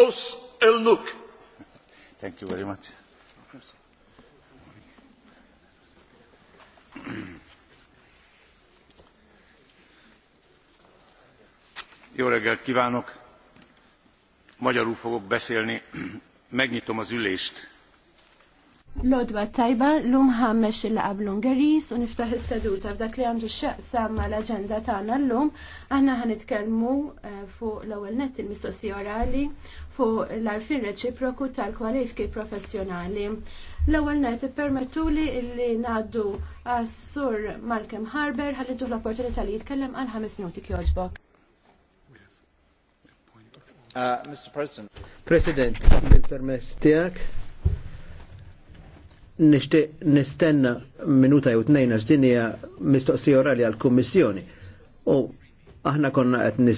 us il-nuk. Thank you very much. Jó reggelt kívánok! Magyarul fogok beszélni. Megnyitom az ülést. Lodwa tajba, l-lum ħammex il-laqab l-Ungeris u niftaħ is-seduta f'dak li għandu x xaqsam l-agenda tagħna l-lum. għan itkelmu eh, fuq l-ewwel net il-mistoqsija orali fuq l-arfin reċiproku tal-kwalifiki professjonali. L-ewwel net ippermettu li li ngħaddu għas-sur Malcolm Harber ħallitu l-opportunità li jitkellem għal ħames minuti kjoġbok. Uh, Mr. President. President, bil-permess tiegħek nishtiq nistenna minuta jew tnejna s-dinja mistoqsija orali għall-Kummissjoni. U aħna konna qed